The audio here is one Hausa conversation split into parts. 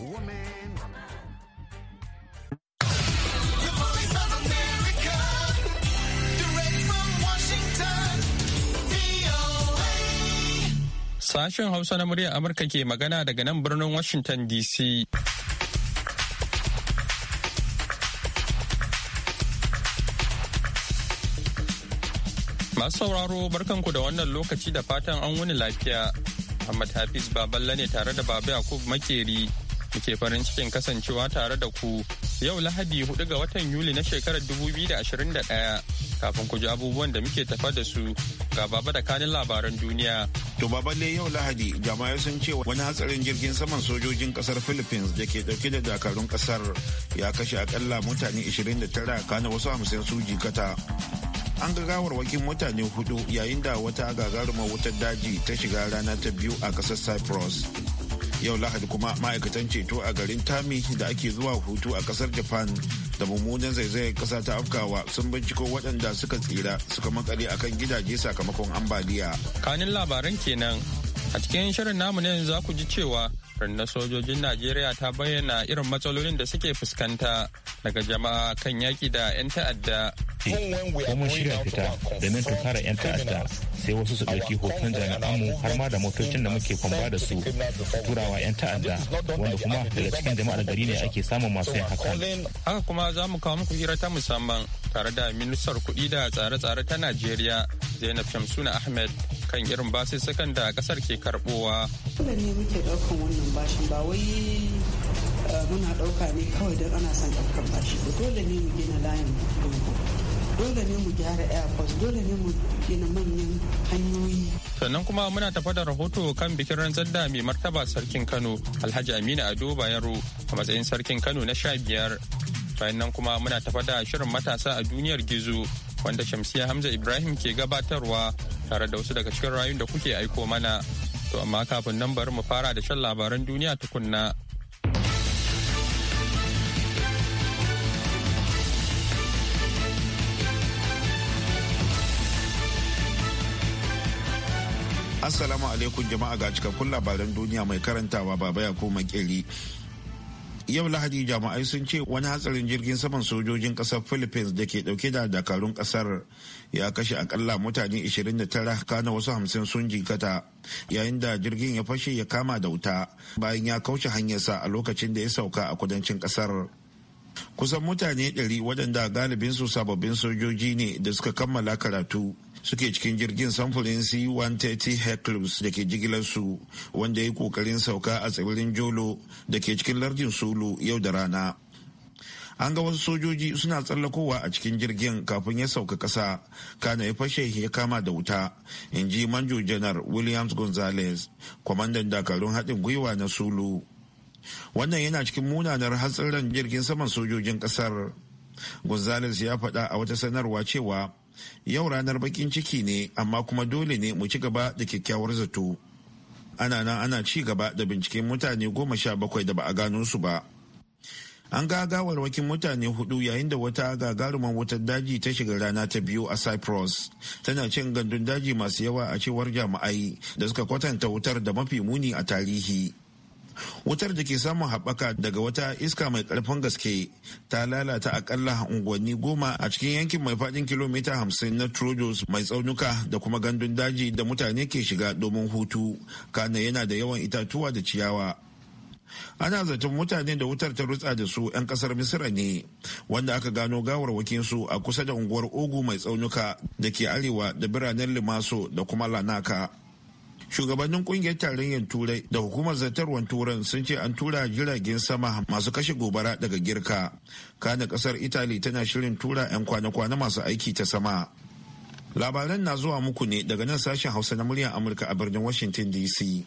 woman. Sashen Hausa na muryar Amurka ke magana daga nan birnin Washington DC. Masu sauraro barkanku da wannan lokaci da fatan an wuni lafiya. Ahmad Hafiz Baballa ne tare da Baba Yakub Makeri Muke farin cikin kasancewa tare da ku yau Lahadi 4 ga watan Yuli na shekarar 2021 kafin ku ji abubuwan da muke tafa da su ga baba da kanin labaran duniya. To baballe yau Lahadi jama'a sun ce wani hatsarin jirgin saman sojojin kasar Philippines da ke dauke da dakarun kasar ya kashe akalla mutane 29 kana wasu hamsin su jikata. An ga gawarwakin mutane hudu yayin da wata gagarumar wutar daji ta shiga rana ta biyu a kasar Cyprus. yau lahadi kuma ma'aikatan ceto a garin tami da ake zuwa hutu a kasar japan da mummunan zaizayar kasa ta afkawa sun binciko waɗanda suka tsira suka makare akan gidaje sakamakon ambaliya kanin labaran kenan a cikin shirin namu ne za ku ji cewa na sojojin najeriya ta bayyana irin matsalolin da suke fuskanta daga jama'a kan yaki da 'yan ta'adda mun shirya fita da domin fara 'yan ta'adda sai wasu su ɗauki hoton jami'anmu har ma da motocin da muke kwamba da su turawa 'yan ta'adda wanda kuma daga cikin jama'ar gari ne ake samun masu yin hakan haka kuma za mu kawo muku hira ta musamman tare da ministar kuɗi da tsare-tsare ta najeriya zainab shamsuna ahmed kan irin basussukan da kasar ke karɓowa Dole ne muke ɗaukan wannan bashin ba wai eh, muna ɗauka ne kawai don ana son ɗaukar bashi ba dole ne mu gina layin dogo dole ne mu gyara airport dole ne mu gina manyan hanyoyi sannan kuma muna tafa da rahoto kan bikin rantsar da mai martaba sarkin kano alhaji aminu ado bayero a matsayin sarkin kano na sha biyar bayan nan kuma muna tafa da shirin matasa a duniyar gizo wanda shamsiya hamza ibrahim ke gabatarwa tare da wasu daga cikin rayun da kuke aiko mana To amma kafin nan bari mu fara da shan labaran duniya tukunna. Assalamu alaikum jama'a ga cikakkun labaran duniya mai karantawa baba ya koma yau lahadi jama'ai sun ce wani hatsarin jirgin saman sojojin kasar philippines da ke dauke da dakarun kasar ya kashe akalla mutane 29 kana wasu 50 sun jikata yayin da jirgin ya fashe ya kama da wuta bayan ya kauce hanyarsa a lokacin da ya sauka a kudancin kasar kusan mutane 100 waɗanda galibinsu sababbin sojoji ne da suka kammala karatu suke cikin jirgin samfurin c-130 hercules da ke jigilar su wanda ya yi kokarin sauka a tsibirin jolo da ke cikin lardin sulu yau da rana an ga wasu sojoji suna tsallakowa a cikin jirgin kafin ya sauka kasa kana ya fashe ya kama da wuta in ji manjo janar williams gonzales kwamandan dakarun haɗin gwiwa na sulu wannan yana cikin munanar hatsarin jirgin saman sojojin ƙasar gonzales ya faɗa a wata sanarwa cewa yau ranar bakin ciki ne amma kuma dole ne mu ci gaba da kyakkyawar zato ana nan ana ci gaba da binciken mutane goma sha bakwai da ba a gano su ba an ga wakin mutane hudu yayin da wata gagaruman wutar daji ta shiga rana ta biyu a cyprus tana cin gandun daji masu yawa a cewar jami'ai da suka kwatanta wutar da mafi muni a tarihi wutar da ke samun haɓaka daga wata iska mai ƙarfin gaske ta lalata akalla unguwanni goma a cikin yankin mai faɗin kilomita hamsin na trojos mai tsaunuka da kuma gandun daji da mutane ke shiga domin hutu kana yana da yawan itatuwa da ciyawa ana zaton mutane da wutar ta rutsa da su 'yan kasar misira ne wanda aka gano gawar su a kusa da unguwar ogu mai tsaunuka da ke arewa da biranen limaso da kuma lanaka shugabannin kungiyar tarayyar turai da hukumar zartarwar turan sun ce an tura jiragen sama masu kashe gobara daga girka kana kasar italy tana shirin tura 'yan kwana-kwana masu aiki ta sama labaran na zuwa muku ne daga nan sashen hausa na muryar amurka a birnin washington dc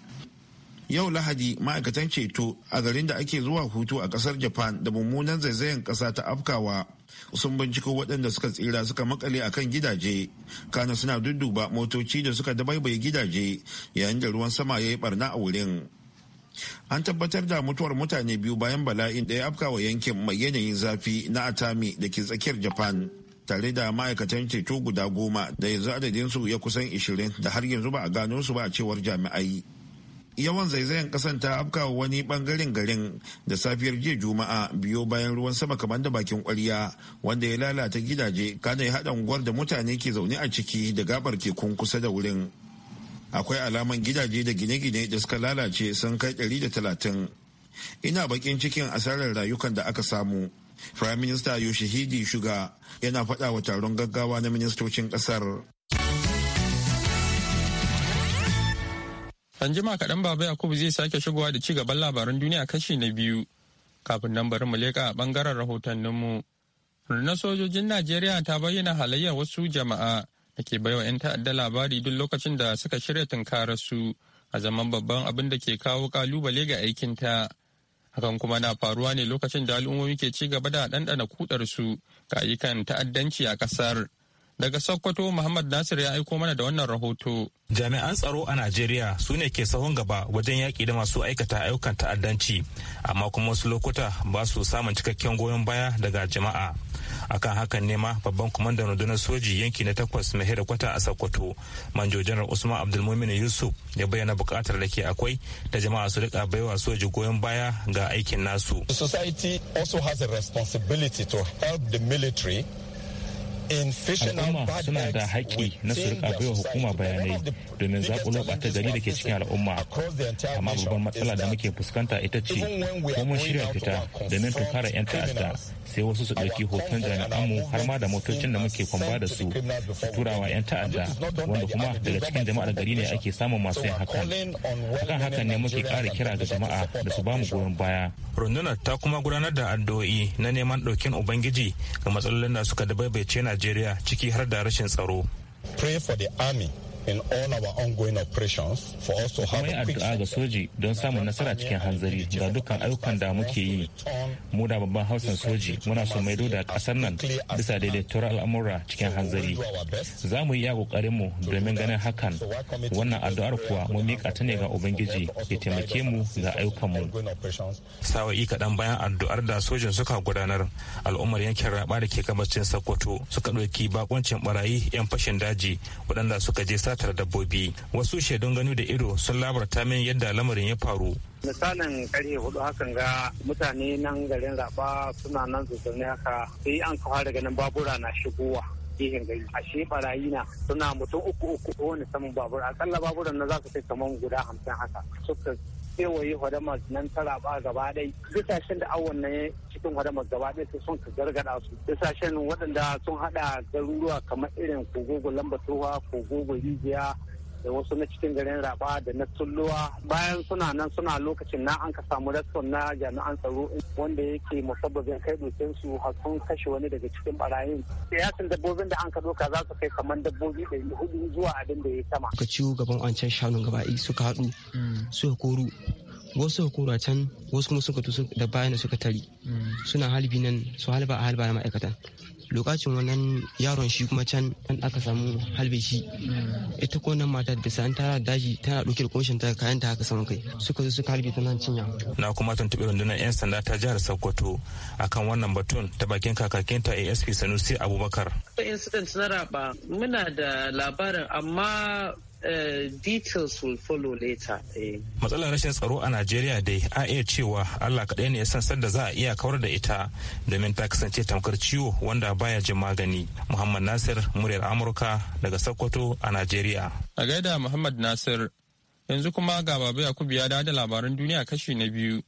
yau lahadi ma'aikatan ceto a garin da ake zuwa hutu a kasar japan da mummunan zaizayen kasa ta afkawa sun binciko waɗanda suka tsira suka makale a kan gidaje kana suna dudduba motoci da suka dabaibaye gidaje yayin da ruwan sama ya yi barna a wurin an tabbatar da mutuwar mutane biyu bayan bala'in da ya afka wa yankin mai yanayin zafi na atami da ke tsakiyar japan tare da ma'aikatan ceto guda goma da yanzu adadinsu ya kusan 20 da har yanzu ba a gano su ba a cewar jami'ai yawan zaizayen kasan ta afka wani bangaren garin da safiyar jiya juma'a biyo bayan ruwan sama kamar da bakin kwarya wanda ya lalata gidaje kada ya haɗa unguwar da mutane ke zaune a ciki da gabar tekun kusa da wurin akwai alaman gidaje da gine-gine da suka lalace sun kai da ɗari talatin ina bakin cikin asarar rayukan da aka samu prime minister yoshihidi shuga yana faɗa wa taron gaggawa na ministocin ƙasar. An jima kaɗan Baba Yakubu zai sake shigowa da ci gaban labaran duniya kashi na biyu. Kafin nan bari mu leƙa a ɓangaren rahotanninmu. Rundunar sojojin Najeriya ta bayyana halayyar wasu jama'a da ke baiwa 'yan ta'adda labari duk lokacin da suka shirya tunkarar su a zaman babban abin da ke kawo kalubale ga aikin ta Hakan kuma na faruwa ne lokacin da al'ummomi ke ci gaba da ɗanɗana kudar su ga ayyukan ta'addanci a ƙasar. Daga Sokoto Muhammad Nasir ya aiko mana da wannan rahoto. Jami'an tsaro a Najeriya su ne ke sahun gaba wajen yaƙi da masu aikata ayyukan ta'addanci, amma kuma wasu lokuta ba su samun cikakken goyon baya daga jama'a. Akan hakan ne ma babban kwamandan rundunar soji yanki na takwas mai hira kwata a Sokoto, Manjo Janar Usman Abdulmumin Yusuf ya bayyana bukatar da ke akwai da jama'a su rika baiwa soji goyon baya ga aikin nasu. The society also has a responsibility to help the military al'umma suna da haƙƙi na su bai wa hukuma bayanai domin zakulo ɓata gari da ke cikin al'umma amma babban matsala da muke fuskanta ita ce ko mun shirya fita domin tunkara 'yan ta'adda sai wasu su ɗauki hoton jami'anmu har ma da motocin da muke kwamba da su su turawa 'yan ta'adda wanda kuma daga cikin jama'ar gari ne ake samun masu yin hakan akan hakan ne muke ƙara kira ga jama'a da su bamu goyon baya rundunar ta kuma gudanar da addu'o'i na neman ɗaukin ubangiji ga matsalolin da suka dabaibace najeriya ciki har da rashin tsaro pray for the army in all our addu'a ga soji don samun nasara cikin hanzari ga dukkan ayyukan da muke yi mu da babban hausan soji muna so maido da ƙasar nan bisa daidaituwar al'amura cikin hanzari za mu yi iya kokarin domin ganin hakan wannan addu'ar kuwa mu mika ta ne ga ubangiji ya taimake mu ga ayyukan mu sawa'i kaɗan bayan addu'ar da sojin suka gudanar al'ummar yankin raba da ke gabacin sokoto suka ɗauki bakoncin barayi 'yan fashin daji waɗanda suka je sata satar dabbobi wasu shaidun gano da ido sun labarta min yadda lamarin ya faru misalin karye hudu hakan ga mutane nan garin raba suna nan zuzurni haka sai an kawo daga nan babura na shigowa gehen gari ashe barayi na suna mutum uku uku wani saman babur akalla baburan na za su kai kamar guda hamsin haka suka kewaye hudama nan tara ba gaba dai bisashen da awon nan cikin hadamar gaba ɗaya sai sun ka gargada su kasashen waɗanda sun haɗa garuruwa kamar irin kogogo tuwa kogogo rijiya da wasu na cikin garin raba da na tulluwa bayan suna nan suna lokacin na an ka samu raston na jami'an tsaro wanda yake musabbabin kai dokin su har sun kashe wani daga cikin barayin siyasin dabbobin da an ka doka za su kai kamar dabbobi da hudu zuwa abin da ya sama ka ciwo gaban wancan shanun gaba suka haɗu mm. suka koru wasu suka kura can wasu kuma suka tusu da bayan da suka tari suna halbi nan su halba a halba na ma'aikatan lokacin wannan yaron shi kuma can an aka samu halbe shi ita ko nan mata da sa'an tara daji tana ɗauke da koshin ta kayan ta haka saman kai suka zo suka halbe ta nan cinya na kuma tuntuɓe rundunar yan sanda ta jihar sokoto akan wannan batun ta bakin kakakinta asp sanusi abubakar incident na raba muna da labarin amma Eh, details will follow later. Eh. Matsalar rashin tsaro a Najeriya dai a iya cewa Allah kaɗai ne ya san sanda za a iya kawar da ita domin ta kasance tamkar ciwo wanda baya jin magani. Muhammad Nasir muryar Amurka daga Sokoto a Najeriya. A gaida Muhammad Nasir yanzu kuma ga Baba Yakubu ya da labaran duniya kashi na biyu.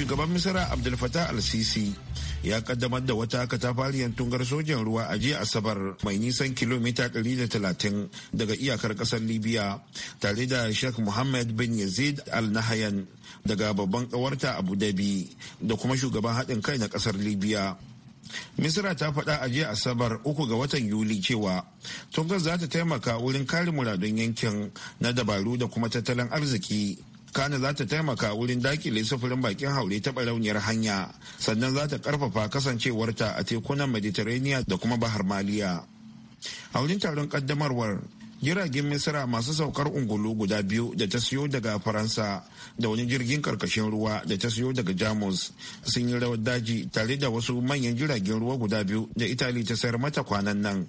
shugaban misira abdul fatah al-sisi ya kaddamar da wata katafariyar tungar sojan ruwa a jiya asabar mai nisan kilomita 130 daga iyakar kasar libya tare da sheikh muhammad bin yazid al-nahayan daga babban kawarta abu dhabi da kuma shugaban haɗin kai na kasar libya misira ta faɗa a jiya asabar uku ga watan yuli cewa tungar za ta taimaka wurin kare muradun yankin na dabaru da kuma tattalin arziki kana za ta taimaka wurin dakile sufurin bakin haure ta barauniyar hanya sannan za ta karfafa kasancewarta a tekunan mediterania da kuma bahar maliya a wurin taron kaddamarwar jiragen misira masu saukar ungulu guda biyu da ta siyo daga faransa da wani jirgin karkashin ruwa da ta siyo daga jamus sun yi rawar daji tare da wasu manyan jiragen ruwa guda biyu da itali ta sayar mata kwanan nan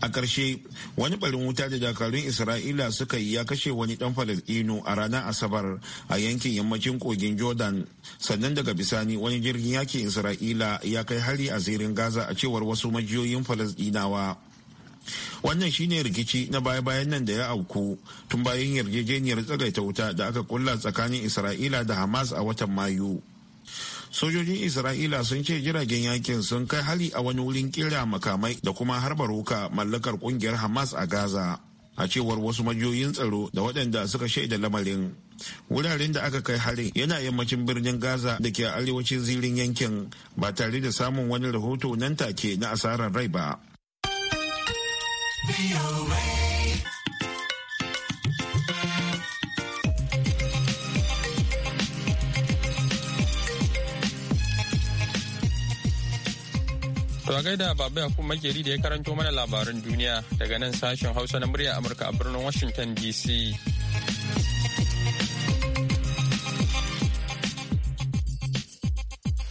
a ƙarshe wani ɓarin wuta da dakarun isra'ila suka yi ya kashe wani ɗan falasɗinu a ranar asabar a yankin yammacin kogin jordan sannan daga bisani wani jirgin yakin isra'ila ya kai hari a zirin gaza a cewar wasu majiyoyin falasɗinawa wannan shine rikici na baya-bayan nan da ya auku tun bayan yarjejeniyar tsagaita wuta da aka kulla tsakanin isra'ila da hamas a watan mayu sojojin isra'ila sun ce jiragen yakin sun kai hali a wani wurin kira makamai da kuma harbar wuka mallakar kungiyar hamas a gaza a cewar wasu majiyoyin tsaro da waɗanda suka shaida lamarin wuraren da aka kai harin yana yammacin birnin gaza da ke arewacin zirin yankin ba tare da samun wani rahoto nan take na asarar rai ba. To a gaida Baba Yakubu Makeri da ya karanto mana labaran duniya daga nan sashen Hausa na murya Amurka a birnin Washington DC.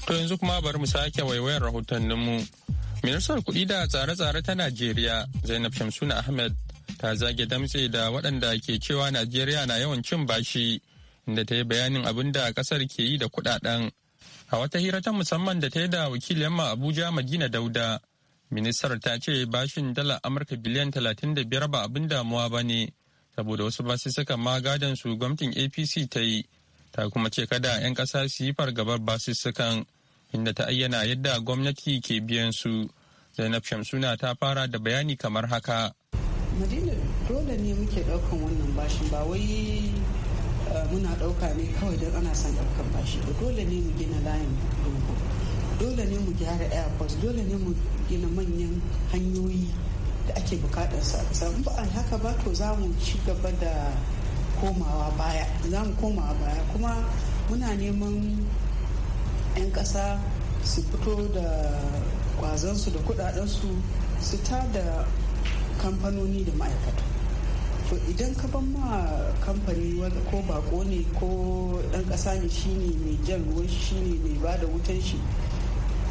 To yanzu kuma bari mu sake waiwayar rahotanninmu. Ministar kuɗi da tsare-tsare ta Najeriya Zainab Shamsuna Ahmed ta zage damtse da waɗanda ke cewa Najeriya na yawan cin bashi inda ta yi bayanin abin da ƙasar ke yi da kuɗaɗen. A wata hira ta musamman da ta yi da wakilin ma Abuja Madina Dauda, ministar ta ce bashin dala Amurka biliyan 35 ba abin damuwa ba ne, saboda wasu basussuka ma gadon su gwamnatin APC ta yi, ta kuma ce kada 'yan ƙasa su yi fargabar basussukan inda ta ayyana yadda gwamnati ke biyan su. Zainab Shamsuna ta fara da bayani kamar haka. Madina dole ne muke ɗaukan wannan bashin ba wai muna ɗauka ne kawai don ana son ɗaukar bashi ba dole ne mu gina layin dogo dole ne mu gyara airport dole ne mu gina manyan hanyoyi da ake bukatar sa a ba a haka ba to za mu ci gaba da komawa baya za mu komawa baya kuma muna neman 'yan ƙasa su fito da kwazansu da kudadensu su ta da kamfanoni da ma'aikata to idan ka ban ma kamfani wanda ko bako ne ko dan kasa ne shine mai jan ruwan shi ne mai ba da wutan shi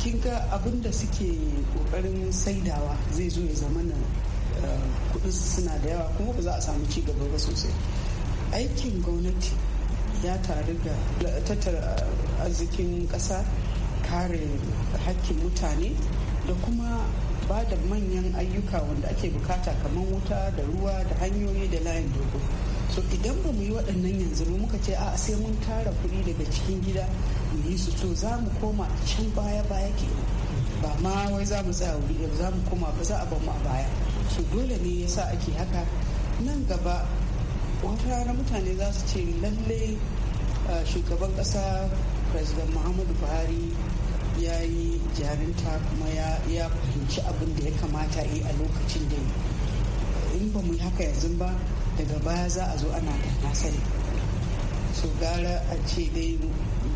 kin ga abin da suke kokarin saidawa zai zo ya zama na eh, kudin suna da yawa kuma ba za a samu ci gaba ba sosai aikin gwamnati ya taru da tattara arzikin kasa kare hakkin mutane da kuma ba da manyan ayyuka wanda ake bukata kamar wuta da ruwa da hanyoyi da layin dogo so idan ba mu yi waɗannan yanzu ba muka ce a sai mun tara kuɗi daga cikin gida mu yi su to za mu koma a can baya baya ke ba ma wai za mu tsaya wuri za mu koma ba za a ban mu a baya so dole ne ya yasa ake haka nan gaba wata rana mutane za su ce lallai ah, shugaban ƙasa president muhammadu buhari ya yi jarinta kuma ya fahimci abin da ya kamata yi a lokacin da in ba mu haka yanzu ba daga baya za a zo ana da nasari so gara a ce dai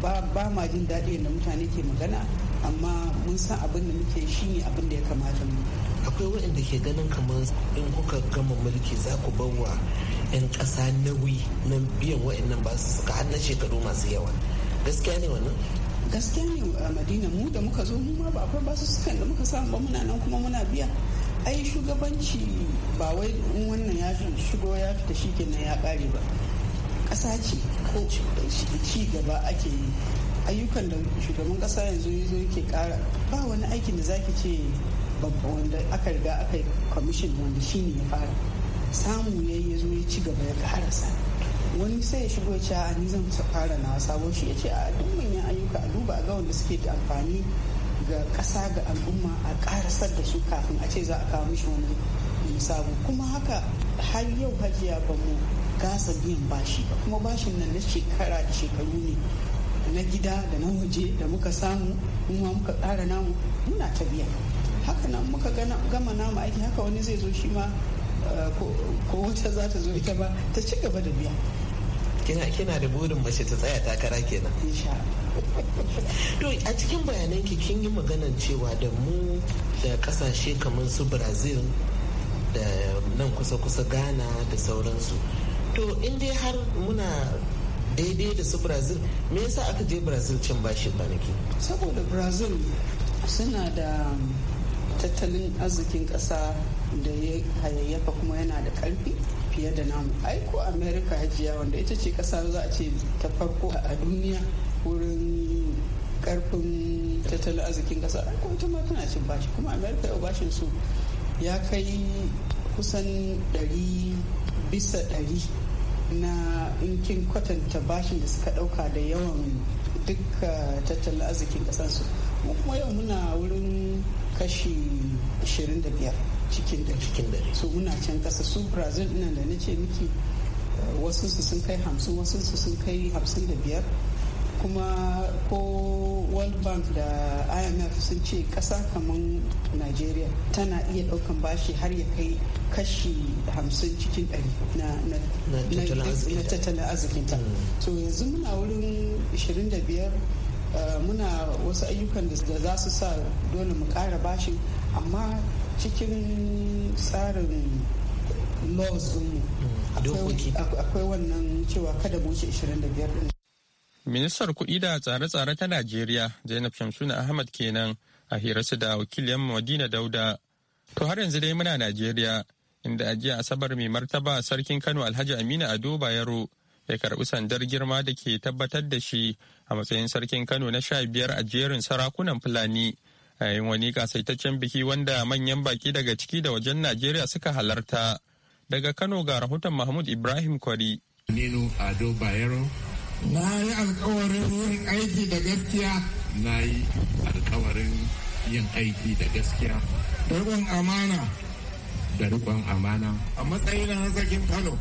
ba ma jin daɗi da mutane ke magana amma mun san abin da muke shi ne abin da ya kamata mu akwai waɗanda ke ganin kamar in kuka gama mulki za ku wa 'yan ƙasa nauyi na biyan waɗannan ba su suka har shekaru masu yawa gaskiya ne wannan gaskiya ne a madina mu da muka zo mu ma ba akwai basu sukan da muka samu ba muna nan kuma muna biya ai shugabanci ba wai wannan ya shigo ya fita shi kenan ya kare ba ƙasa ce ko ci gaba ake yi ayyukan da shugaban ƙasa yanzu ya yake ƙara ba wani aikin da zaki ce babba wanda aka riga aka yi kwamishin wanda shine ya fara samu ya yi ya zo ya ci gaba ya karasa wani sai ya shigo ce a ni zan fara na sabo shi ya ce a duk manyan ayyuka a duba a ga wanda suke da amfani ga ƙasa ga al'umma a ƙarasar da su kafin a ce za a kawo mishi wani wani sabo kuma haka har yau hajiya ba mu gasa biyan bashi ba kuma bashin nan na shekara da shekaru ne na gida da na waje da muka samu kuma muka ƙara namu muna ta biya haka nan muka gama namu aiki haka wani zai zo shi ma eh, ko wata za ta zo ita ba ta ci gaba da biya kina da burin mace ta tsaya takara kenan to a cikin bayanan kin yi maganan cewa da mu da kasashe kamar su brazil da nan kusa-kusa ghana da sauransu to in dai har muna daidai da su brazil me yasa aka je brazil can bashi kwanaki saboda brazil suna da tattalin arzikin ƙasa da ya hayayyafa kuma yana da ƙarfi fiye da namu aiko america hajiya wanda ita ce ƙasa za a ce ta farko a duniya wurin ƙarfin tattalin arzikin ƙasa aiko ita ma tana cin bashi kuma america yau bashin su ya kai kusan ɗari bisa ɗari na inkin kwatanta bashin da suka ɗauka da yawan duka tattalin arzikin ƙasansu kuma yau muna wurin kashi 25 cikin da cikin da so muna can kasa su brazil ina da na ce miki wasu su sun kai 50 wasu su sun kai 55 kuma ko world bank da imf sun ce kasa kamar nigeria tana iya daukan bashi har ya kai kashi 50 cikin dare na tattalin arzikinta so mm. yanzu muna wurin 25 Eh, muna wasu ayyukan da za su sa dole mu ƙara bashin amma cikin tsarin laws mu hmm, akwai wannan cewa kada buce 25 din. Ministar kuɗi da tsare-tsare ta Najeriya Zainab Shamsuna Ahmad kenan a hirarsa da wakilin Madina Dauda. To har yanzu dai muna Najeriya inda a jiya Asabar mai martaba sarkin Kano Alhaji Aminu Ado Bayero ya karbi sandar girma da ke tabbatar da shi a matsayin sarkin kano na sha biyar a jerin sarakunan fulani a yayin wani kasaitaccen biki wanda manyan baki daga ciki da wajen najeriya suka halarta daga kano ga rahoton mahmud ibrahim kwari ado na yi alkawarin yin aiki da gaskiya na yi alkawarin yin aiki da gaskiya da amana da riƙon amana a matsayin na sarkin kano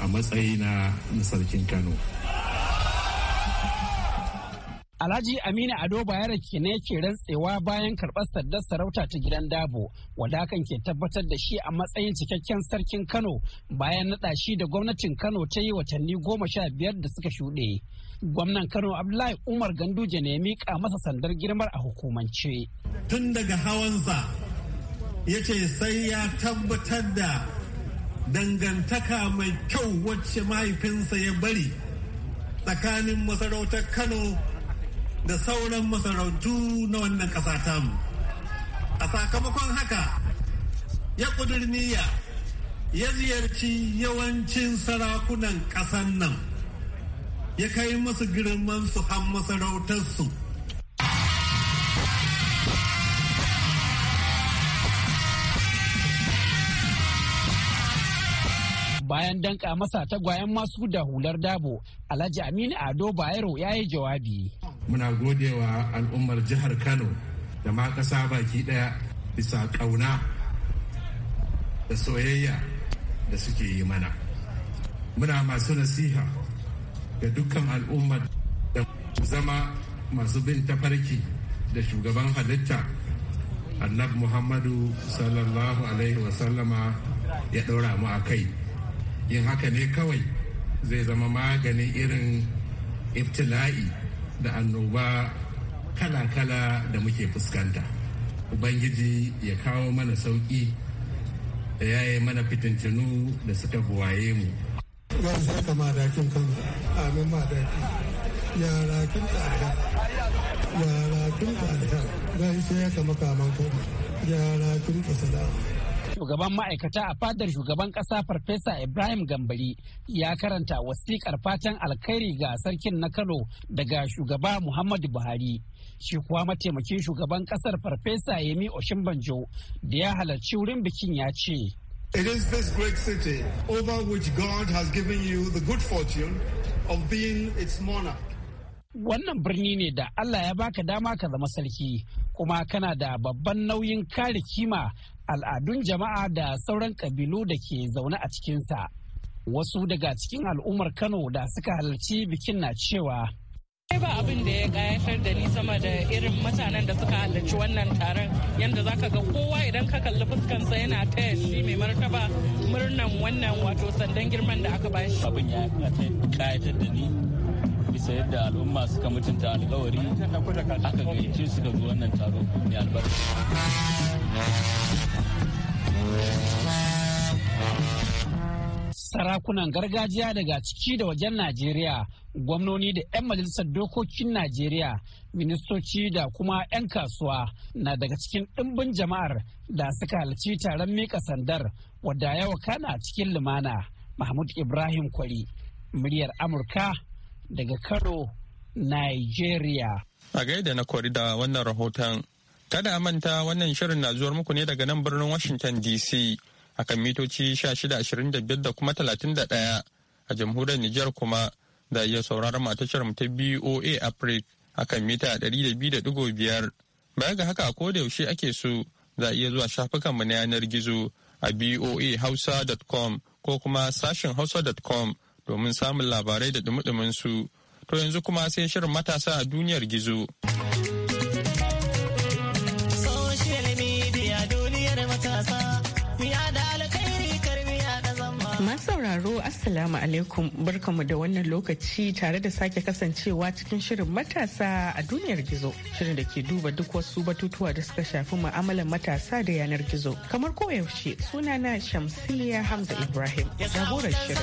a matsayina na sarkin Kano. Alhaji Aminu Ado Bayero ne ke rantsewa bayan karɓar sardar sarauta ta gidan Dabo, wadakan ke tabbatar da shi a matsayin cikakken sarkin Kano bayan naɗa shi da gwamnatin Kano ta yi watanni goma sha biyar da suka shuɗe. Gwamnan Kano Abdullahi Umar Ganduje ne miƙa masa sandar girmar a hukumance. Tun daga hawansa ya ce sai ya tabbatar da dangantaka mai kyau wacce mahaifinsa ya bari tsakanin masarautar kano da sauran masarautu na wannan ƙasa tamu a sakamakon haka ya niyya ya ziyarci yawancin sarakunan ƙasan nan ya kai masu girman su har masarautarsu bayan danka masa ta tagwayen masu da hular dabo alhaji aminu ado bayero ya yi jawabi muna godewa al'ummar jihar kano da ma ƙasa baki ɗaya bisa ƙauna da soyayya da suke yi mana muna masu nasiha ga dukkan al'ummar da zama masu bin tafarki da shugaban halitta annabi muhammadu sallallahu alaihi wasallama ya ɗora mu a kai yin haka ne kawai zai zama maganin irin iftila'i da annoba kala-kala da muke fuskanta ubangiji ya kawo mana sauki da ya yi mana fitintinu da suka buwaye mu yau sai ka madakin kan amin madaki yara kin tsada yara kin tsada gaishe ya kama kaman kan yara kin kasala shugaban ma'aikata a fadar shugaban ƙasa Farfesa Ibrahim Gambari ya karanta wasiƙar fatan alkhairi ga sarkin na Kano daga shugaba Muhammadu Buhari. Shi kuwa mataimakin shugaban ƙasar Farfesa Yemi Oshinbanjo da ya halarci wurin bikin ya ce. It is this great city over which God has given you the good fortune of being its monarch. Wannan birni ne da Allah ya baka dama ka zama sarki kuma kana da babban nauyin kare kima al'adun jama'a da sauran kabilu da ke zaune a cikinsa wasu daga cikin al'ummar kano da suka halarci bikin na cewa ba abin da ya kayatar da ni sama da irin mutanen da suka halarci wannan taron yadda zaka ga kowa idan ka kalli fuskansa yana taya shi mai martaba murnan wannan wato sandan girman da aka bashi abin ya kayatar da ni bisa yadda al'umma suka mutunta alkawari aka gayyace su ga wannan taro mai albarka sarakunan gargajiya daga ciki da wajen najeriya gwamnoni da 'yan majalisar dokokin najeriya ministoci da kuma 'yan kasuwa na daga cikin ɗimbin jama'ar da suka halarci taron mika sandar wadda yawa kana cikin lumana mahmud ibrahim kwari muryar amurka daga Kano, Nigeria. A gaida na kwari da wannan rahoton. Kada manta wannan shirin na zuwar muku ne daga nan birnin Washington DC a kan mitoci 1625 da kuma 31 a jamhuriyar Nijar kuma da iya sauraron shirin ta BOA Africa kan mita 200.5. Baya ga haka ko da yaushe ake so za a iya zuwa shafukanmu na yanar gizo a boa boahausa.com ko kuma sashen hausa.com domin samun labarai da dumi su to yanzu kuma sai shirin matasa a duniyar gizo. sauraro Assalamu alaikum barkamu da wannan lokaci tare da sake kasancewa cikin shirin matasa a duniyar gizo. Shirin da ke duba duk wasu batutuwa da suka shafi mu'amalar matasa da yanar gizo. Kamar koyaushe sunana Shamsiliya Hamza Ibrahim. Jagorar shirin.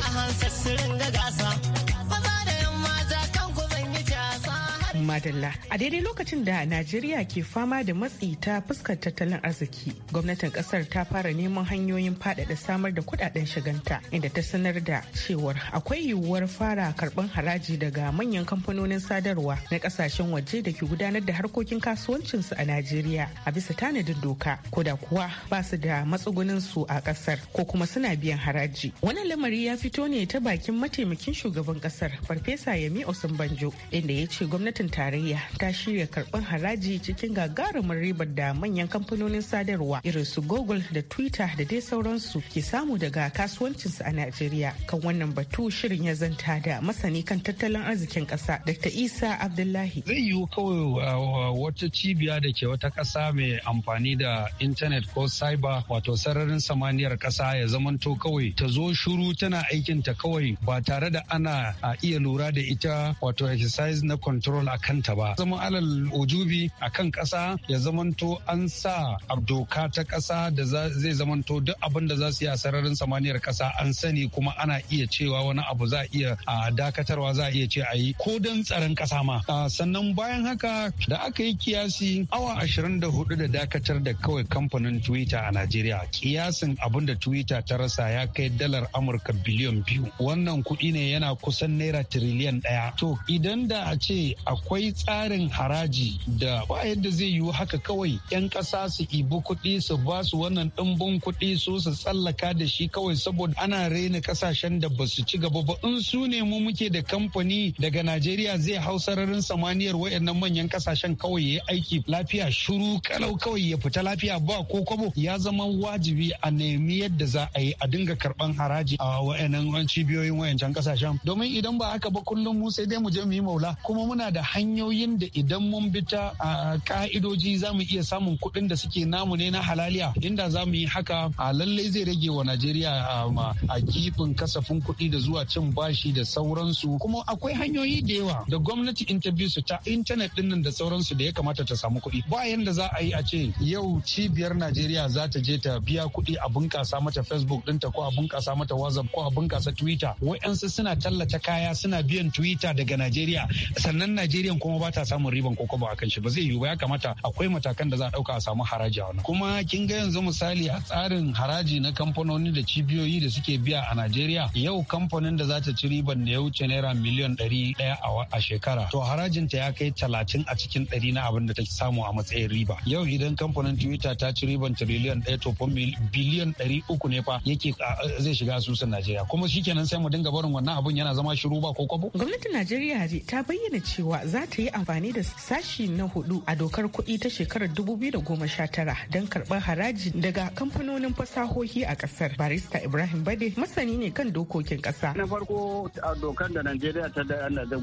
madalla. A daidai lokacin da Najeriya ke fama da matsi ta fuskar tattalin arziki, gwamnatin kasar ta fara neman hanyoyin faɗaɗa samar da kuɗaɗen shiganta inda ta sanar da cewar akwai yiwuwar fara karɓar haraji daga manyan kamfanonin sadarwa na ƙasashen waje da ke gudanar da harkokin kasuwancinsu a Najeriya a bisa tanadin doka, ko da kuwa ba su da matsugunin su a ƙasar ko kuma suna biyan haraji. Wannan lamari ya fito ne ta bakin mataimakin shugaban ƙasar Farfesa osun Banjo, inda ya ce gwamnatin tarayya ta shirya karɓar haraji cikin gagarumin ribar da manyan kamfanonin sadarwa irin su Google da Twitter da dai sauransu ke samu daga kasuwancinsu a Najeriya. Kan wannan batu shirin ya zanta da masani kan tattalin arzikin ƙasa Dr. Isa Abdullahi. Zai yiwu kawai uh, uh, wata cibiya da ke wata ƙasa mai amfani da intanet ko cyber wato sararin samaniyar ƙasa ya zamanto kawai ta zo shuru tana aikinta kawai ba tare da ana uh, iya lura da ita wato exercise na control a kanta ba zama alal ujubi a kan ƙasa ya zamanto an sa doka ta ƙasa da zai zamanto duk abin da za su yi a sararin samaniyar ƙasa an sani kuma ana iya cewa wani abu za a iya a dakatarwa za a iya ce a yi ko don tsaron ƙasa ma sannan bayan haka da aka yi kiyasi awa ashirin da hudu da dakatar da kawai kamfanin twitter a najeriya kiyasin abin da twitter ta rasa ya kai dalar amurka biliyan biyu wannan kuɗi ne yana kusan naira tiriliyan ɗaya to idan da a ce akwai akwai tsarin haraji da ba yadda zai yiwu haka kawai 'yan kasa su ibi kuɗi su ba su wannan ɗimbin kuɗi so su tsallaka da shi kawai saboda ana raina kasashen da ba su ci gaba ba in su ne mu muke da kamfani daga Najeriya zai hau sararin samaniyar wayannan manyan kasashen kawai ya aiki lafiya shuru kalau kawai ya fita lafiya ba ko kwabo ya zama wajibi a nemi yadda za a yi a dinga karɓan haraji a wayannan cibiyoyin wayancan kasashen domin idan ba haka ba kullum mu sai dai mu je mu yi maula kuma muna da hanyoyin da idan mun bi ta ka'idoji za mu iya samun kuɗin da suke namu ne na halaliya inda za mu yi haka a lallai zai rage wa najeriya a gifin kasafin kuɗi da zuwa cin bashi da sauransu kuma akwai hanyoyi da yawa da gwamnati interview su ta intanet din nan da sauransu da ya kamata ta samu kuɗi ba yanda za a yi a ce yau cibiyar najeriya za ta je ta biya kuɗi a bunƙasa mata facebook ɗinta ko a bunƙasa mata whatsapp ko a bunƙasa twitter wa'yansu suna tallata kaya suna biyan twitter daga najeriya sannan najeriya miliyan kuma ba ta samun riban koko a akan shi ba zai yiwu ba ya kamata akwai matakan da za a dauka a samu haraji a wannan kuma kin ga yanzu misali a tsarin haraji na kamfanoni da cibiyoyi da suke biya a najeriya yau kamfanin da za ta ci riban da ya wuce naira miliyan ɗari ɗaya a shekara to harajin ta ya kai talatin a cikin ɗari na abin da ta samu a matsayin riba yau idan kamfanin twitter ta ci riban tiriliyan ɗaya to biliyan ɗari uku ne fa yake zai shiga asusun najeriya kuma shikenan sai mu dinga barin wannan abun yana zama shiru ba ko kwabo gwamnatin najeriya ta bayyana cewa za ta yi amfani da sashi na hudu a dokar kuɗi ta shekarar 2019 don karɓar haraji daga kamfanonin fasahohi a ƙasar. Barista Ibrahim Bade masani ne kan dokokin kasa. Na farko a dokar da Najeriya ta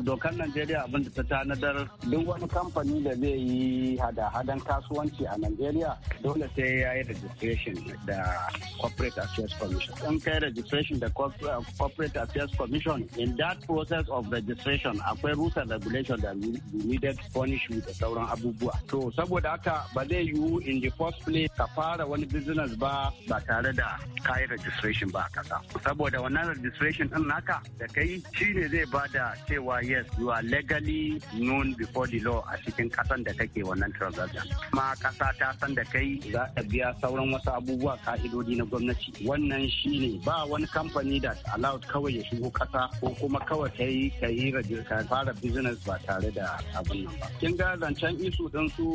dokar Najeriya abin da ta tanadar duk wani kamfani da zai yi hada-hadan kasuwanci a Najeriya dole sai ya yi registration da Corporate Affairs Commission. In kai registration da Corporate Affairs Commission in that process of registration akwai rules and regulation da needed furnishing da sauran abubuwa to saboda haka ba zai yiwu in the first place ka fara wani business ba ba tare da kayan registration ba a kasa saboda wannan registration din naka da kai Shi ne zai ba da cewa yes you are legally known before the law a cikin kasan da kake wannan transaction kuma kasa ta san da kai za ta biya sauran wasu abubuwa ka'idodi na gwamnati wannan shi ne. ba wani kamfani da allowed kawai ya shigo kasa ko kuma kawai yi ka yi ka fara business ba tare da abin nan ba kin ga zancen isu din su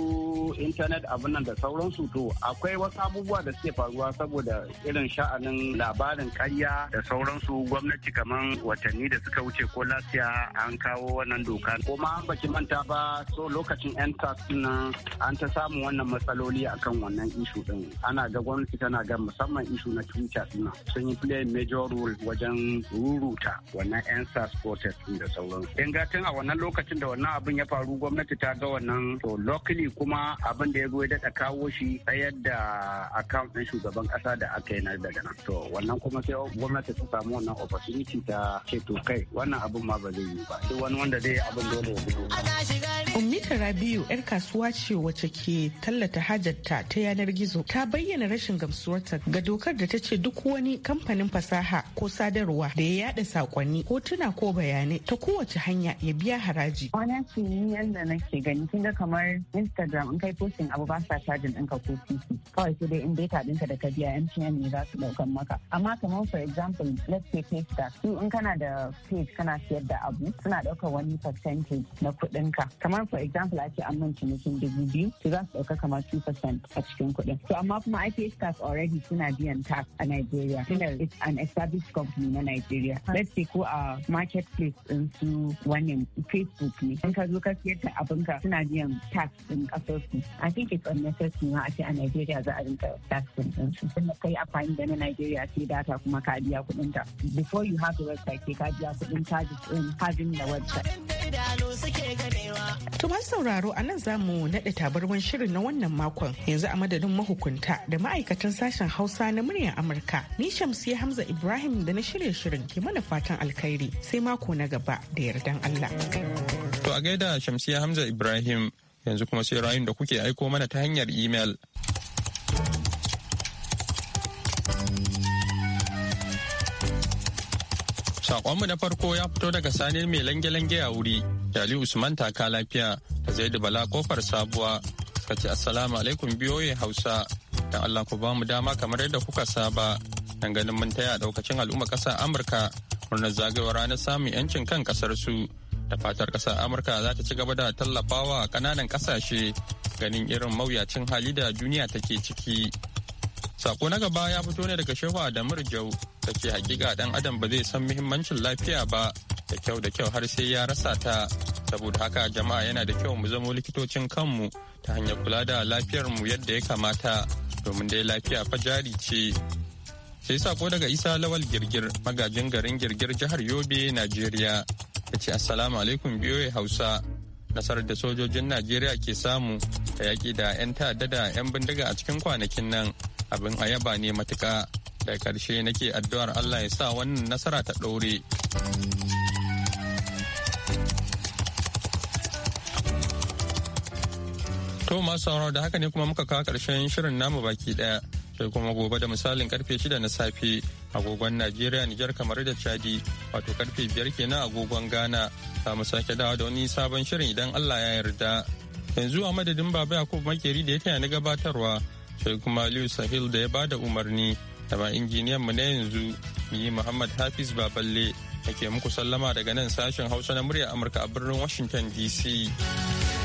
internet abin nan da sauransu to akwai wasu abubuwa da suke faruwa saboda irin sha'anin labarin karya da sauransu gwamnati kamar watanni da suka wuce ko lafiya an kawo wannan doka ko ma baki manta ba so lokacin yan tax nan an ta samu wannan matsaloli akan wannan isu din ana ga gwamnati tana ga musamman isu na twitter din sun yi play major role wajen ruruta wannan yan tax protest da sauransu kin ga tun a wannan lokacin da wannan wannan abin ya faru gwamnati ta ga wannan to locally kuma abin da ya zo ya daɗa kawo shi tsayar da account ɗin shugaban ƙasa da aka yi na daga nan to wannan kuma sai gwamnati ta samu wannan opportunity ta ce to kai wannan abin ma ba zai yi ba duk wani wanda zai yi abin dole ya gudu. Ummita Rabiu 'yar kasuwa ce wacce ke tallata hajarta ta yanar gizo ta bayyana rashin gamsuwarta ga dokar da ta ce duk wani kamfanin fasaha ko sadarwa da ya yada sakonni hotuna ko bayanai ta kowace hanya ya biya haraji. Wani ce ni yadda nake gani kin ga kamar Instagram in kai postin abu ba sa cajin ɗinka ko titi kawai sai dai in data ɗinka da ka biya MTN ne za su ɗaukan maka. Amma kamar for example let's say facebook su in kana da page kana siyar da abu suna ɗaukar wani percentage na kuɗinka. Kamar kamar for example ake ce an dubu biyu to za su ɗauka kamar 2% a cikin kuɗin to amma kuma IPH tax already suna biyan tax a Nigeria tunda it's an established company na Nigeria let's say ko a marketplace ɗin su wannan Facebook ne in ka zo ka siyar da abin ka. suna biyan tax ɗin ƙasar su I think it's unnecessary ma a ce a Nigeria za a rinka tax ɗin su tunda kai amfani da na Nigeria sai data kuma ka biya kuɗin ta before you have the website sai ka biya kuɗin charges ɗin having the website. To masu sauraro a nan za mu naɗa tabarwan shirin na wannan makon yanzu a madadin mahukunta da ma'aikatan sashen Hausa na muryar Amurka. Ni ya Hamza Ibrahim da na shirya shirin ke mana fatan alkhairi sai mako na gaba da yardan Allah. To a gaida ya Hamza Ibrahim yanzu kuma sai rayun da kuke aiko mana ta hanyar imel. saƙonmu na farko ya fito daga sanin mai lange-lange a wuri. Dali Usman taka lafiya ta Zaidu Bala kofar sabuwa suka ce Assalamu alaikum biyoye Hausa dan Allah ku ba mu dama kamar yadda kuka saba dan ganin mun taya daukacin al'umma ƙasar Amurka murnar zagayowar ranar samun yancin kan kasar su da fatar ƙasar Amurka za ta ci gaba da tallafawa kananan ƙasashe ganin irin mawuyacin hali da duniya take ciki. Sako na gaba ya fito ne daga Shehu Adamu Jau ta ce hakika dan adam ba zai san muhimmancin lafiya ba da kyau da kyau har sai ya rasa ta saboda haka jama'a yana da kyau mu zamo likitocin kanmu ta hanyar kula da lafiyar mu yadda ya kamata domin dai lafiya fa jari ce sai sako daga isa lawal girgir magajin garin girgir jihar yobe najeriya ya ce assalamu alaikum biyoyi hausa nasarar da sojojin najeriya ke samu a yaƙi da 'yan ta'adda da 'yan bindiga a cikin kwanakin nan abin ayaba ne matuka. da karshe nake addu'ar Allah ya sa wannan nasara ta ɗore. To masu sauraro da haka ne kuma muka kawo ƙarshen shirin namu baki ɗaya. Sai kuma gobe da misalin karfe shida na safe agogon Najeriya Nijar kamar da Chadi wato karfe biyar kenan agogon Ghana. Za mu sake dawa da wani sabon shirin idan Allah ya yarda. Yanzu a madadin Baba Yakubu Makeri da ya taya na gabatarwa sai kuma Aliyu Sahil da ya bada umarni da ba injiniyan mu na yanzu ni Muhammad Hafiz Baballe ake muku sallama daga nan sashen Hausa na murya Amurka a birnin Washington DC.